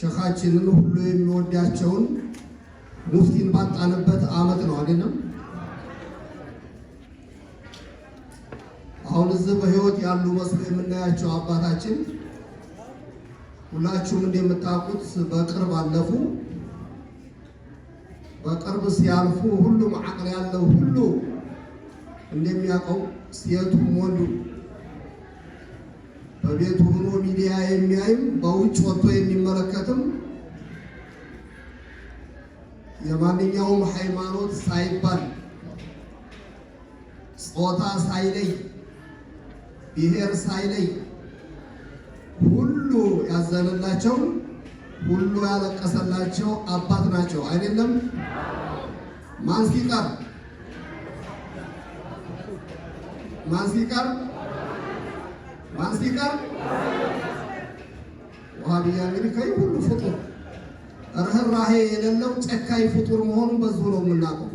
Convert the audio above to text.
ሸኻችንን ሁሉ የሚወዳቸውን ሙፍቲን ባጣንበት አመት ነው አይደለም። አሁን እዚህ በህይወት ያሉ መስሎ የምናያቸው አባታችን ሁላችሁም እንደምታውቁት በቅርብ አለፉ። በቅርብ ሲያልፉ ሁሉም አቅል ያለው ሁሉ እንደሚያውቀው ሴቱም ወንዱ በቤቱ ሆኖ ሚዲያ የሚያይም በውጭ ወጥቶ የሚመ የማንኛውም ሃይማኖት ሳይባል ጾታ ሳይለይ ብሔር ሳይለይ ሁሉ ያዘነላቸው ሁሉ ያለቀሰላቸው አባት ናቸው። አይደለም ማን ሲቀር ማን ሲቀር ማን ሲቀር ዋሃብያ እንግዲህ ከይ ሁሉ ርኅራሄ የሌለው ጨካኝ ፍጡር መሆኑን በዚሁ ነው የምናውቀው።